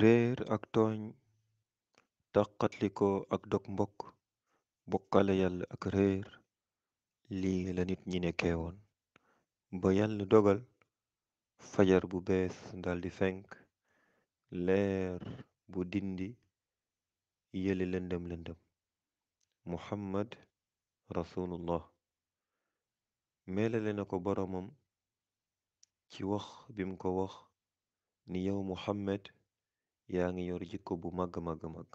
réer ak tooñ taqatlikoo ak dog mbokk bokkale yàlla ak réer lii la nit ñi nekkee ba yàlla dogal fajar bu bees daldi fenk leer bu dindi yële lëndëm lëndëm muhammad rasulullah melale na ko boromam ci wax bim ko wax ni yow muhammad yaa ngi yor jikko bu màgg màgg màgg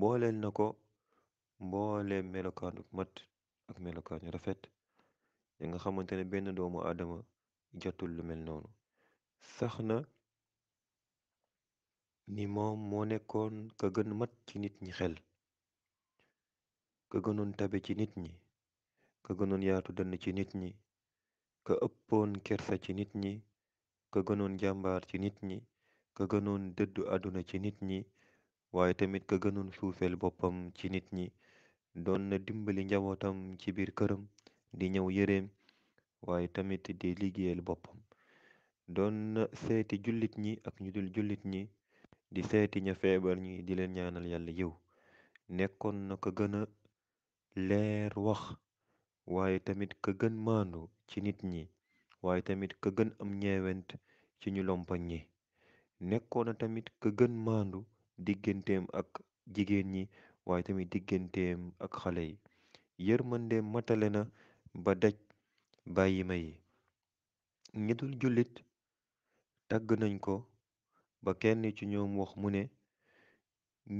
booleel na ko mboole melokaanu mat ak melokaanu rafet ya nga xamante ne benn doomu aadama jotul lu mel noonu sax na ni moom moo nekkoon ka gën mat ci nit ñi xel ka gënoon tabe ci nit ñi ka gënoon yaatu dënn ci nit ñi ka ëppoon kersa ci nit ñi ka gënoon jàmbaar ci nit ñi ka gënoon dëddu àdduna ci nit ñi waaye tamit ka gënoon suufeel boppam ci nit ñi doon na dimbali njabootam ci biir këram di ñëw yëreem waaye tamit di liggéeyal boppam doon na seeti jullit ñi ak ñu dul jullit ñi di seeti ña feebar ñi di leen ñaanal yàlla yiw nekkoon na ka gën a leer wax waaye tamit ka gën maandu ci nit ñi waaye tamit ka gën am ñeewent ci ñu lompañ ñi nekkoon na tamit ka gën maandu digganteem ak jigéen ñi waaye tamit digganteem ak xale yi yërmandeem matale na ba daj bàyyi ma yi ñi jullit tàgg nañ ko ba kenn ci ñoom wax mu ne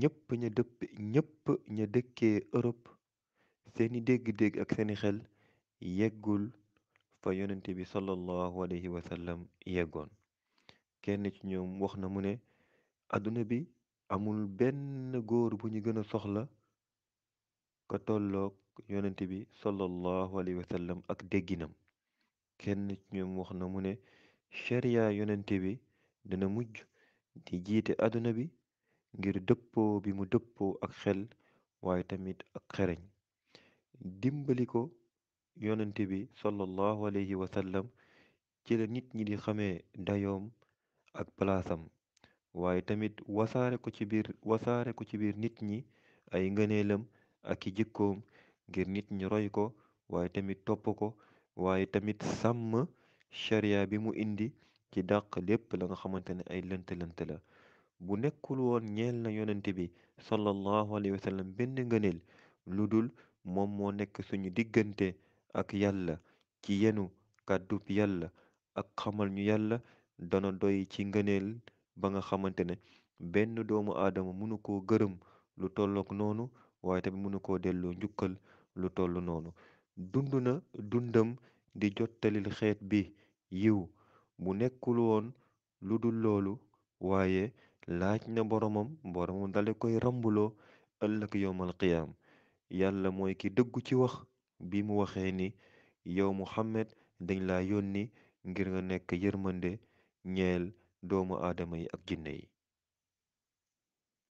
ñépp ña dëpp ñépp ña dëkkee Europe seeni dégg-dégg ak seeni xel yeggul fa yonent bi sallallahu alayhi wa sallam kenn ci ñoom wax na mu ne àdduna bi amul benn góor bu ñu gën a soxla ka tollook yonent bi sallallahu alayhi wa ak dégginam kenn ci ñoom wax na mu ne sharia yonent bi dana mujj di jiite àdduna bi ngir dëppoo bi mu dëppoo ak xel waaye tamit ak xereñ dimbali ko yonent bi sallallahu alayhi wa ci la nit ñi di xamee dayoom ak palaasam waaye tamit wasaare ko ci biir nit ñi ay ngëneelam ak i jikkoom ngir nit ñi roy ko waaye tamit topp ko waaye tamit sàmm sharia bi mu indi ci dàq lépp la nga xamante ne ay lënt-lënt la bu nekkul woon ñeel na yonent bi sallallahu alayhi wa benn ngëneel lu dul moom moo nekk suñu diggante ak yàlla ci yenu kàddub yàlla ak xamal ñu yàlla dana doy ci ngëneel ba nga xamante ne benn doomu aadama mënu koo gërëm lu tollook noonu waaye tamit mënu koo delloo njukkal lu toll noonu dund dundam di jottali xeet bi yiw mu nekkul woon lu dul loolu waaye laaj na boromam boromam dale koy rambuloo ëllëg yowmal qiyaam yàlla mooy ki dëggu ci wax bi mu waxee ni yow Muhammad dañ laa yónni ngir nga nekk yërmande ñeel doomu aadama yi ak jinne